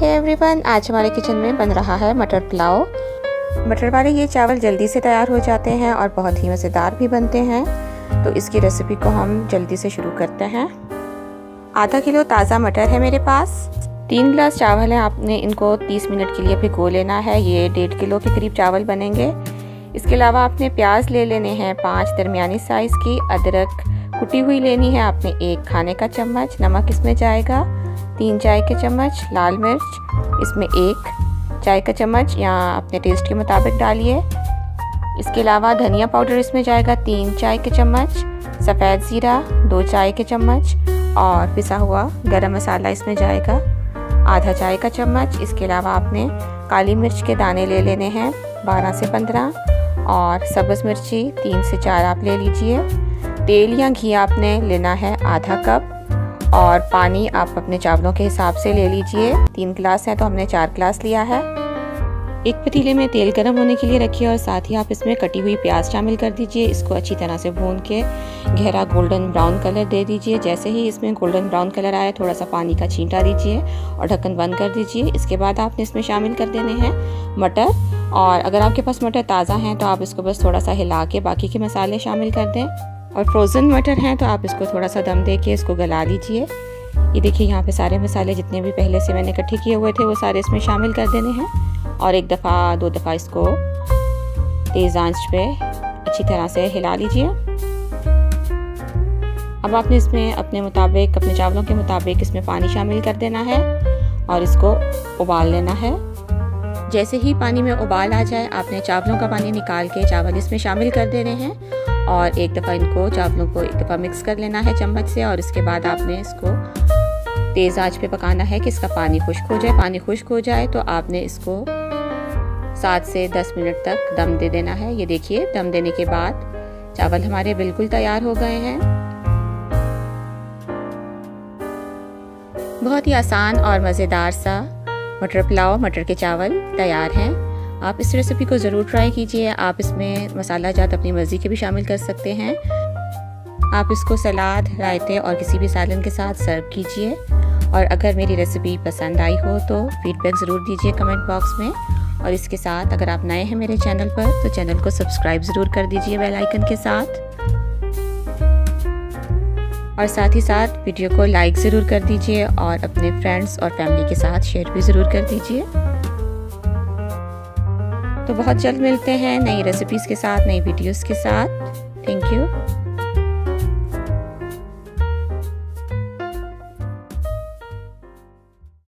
है एवरीवन आज हमारे किचन में बन रहा है मटर पुलाव मटर वाले ये चावल जल्दी से तैयार हो जाते हैं और बहुत ही मज़ेदार भी बनते हैं तो इसकी रेसिपी को हम जल्दी से शुरू करते हैं आधा किलो ताज़ा मटर है मेरे पास तीन गिलास चावल हैं आपने इनको 30 मिनट के लिए भिगो लेना है ये डेढ़ किलो के करीब चावल बनेंगे इसके अलावा आपने प्याज ले लेने हैं पाँच दरमिया साइज़ की अदरक कुटी हुई लेनी है आपने एक खाने का चम्मच नमक इसमें जाएगा तीन चाय के चम्मच लाल मिर्च इसमें एक चाय का चम्मच या अपने टेस्ट के मुताबिक डालिए इसके अलावा धनिया पाउडर इसमें जाएगा तीन चाय के चम्मच सफ़ेद ज़ीरा दो चाय के चम्मच और पिसा हुआ गरम मसाला इसमें जाएगा आधा चाय का चम्मच इसके अलावा आपने काली मिर्च के दाने ले लेने हैं बारह से पंद्रह और सब्ज़ मिर्ची तीन से चार आप ले लीजिए तेल या घी आपने लेना है आधा कप और पानी आप अपने चावलों के हिसाब से ले लीजिए तीन गिलास है तो हमने चार गिलास लिया है एक पतीले में तेल गर्म होने के लिए रखिए और साथ ही आप इसमें कटी हुई प्याज शामिल कर दीजिए इसको अच्छी तरह से भून के गहरा गोल्डन ब्राउन कलर दे दीजिए जैसे ही इसमें गोल्डन ब्राउन कलर आया थोड़ा सा पानी का छींटा दीजिए और ढक्कन बंद कर दीजिए इसके बाद आपने इसमें शामिल कर देने हैं मटर और अगर आपके पास मटर ताज़ा हैं तो आप इसको बस थोड़ा सा हिला के बाकी के मसाले शामिल कर दें और फ्रोज़न मटर हैं तो आप इसको थोड़ा सा दम दे के इसको गला लीजिए ये देखिए यहाँ पे सारे मसाले जितने भी पहले से मैंने इकट्ठे किए हुए थे वो सारे इसमें शामिल कर देने हैं और एक दफ़ा दो दफ़ा इसको तेज़ आंच पे अच्छी तरह से हिला लीजिए अब आपने इसमें अपने मुताबिक अपने चावलों के मुताबिक इसमें पानी शामिल कर देना है और इसको उबाल लेना है जैसे ही पानी में उबाल आ जाए आपने चावलों का पानी निकाल के चावल इसमें शामिल कर देने हैं और एक दफ़ा इनको चावलों को एक दफ़ा मिक्स कर लेना है चम्मच से और इसके बाद आपने इसको तेज़ आंच पे पकाना है कि इसका पानी खुश्क हो जाए पानी खुश्क हो जाए तो आपने इसको सात से दस मिनट तक दम दे देना है ये देखिए दम देने के बाद चावल हमारे बिल्कुल तैयार हो गए हैं बहुत ही आसान और मज़ेदार सा मटर पुलाव मटर के चावल तैयार हैं आप इस रेसिपी को ज़रूर ट्राई कीजिए आप इसमें मसाला जात अपनी मर्ज़ी के भी शामिल कर सकते हैं आप इसको सलाद रायते और किसी भी सालन के साथ सर्व कीजिए और अगर मेरी रेसिपी पसंद आई हो तो फीडबैक ज़रूर दीजिए कमेंट बॉक्स में और इसके साथ अगर आप नए हैं मेरे चैनल पर तो चैनल को सब्सक्राइब ज़रूर कर दीजिए बेल आइकन के साथ और साथ ही साथ वीडियो को लाइक ज़रूर कर दीजिए और अपने फ्रेंड्स और फैमिली के साथ शेयर भी ज़रूर कर दीजिए तो बहुत जल्द मिलते हैं नई रेसिपीज़ के साथ नई वीडियोज़ के साथ थैंक यू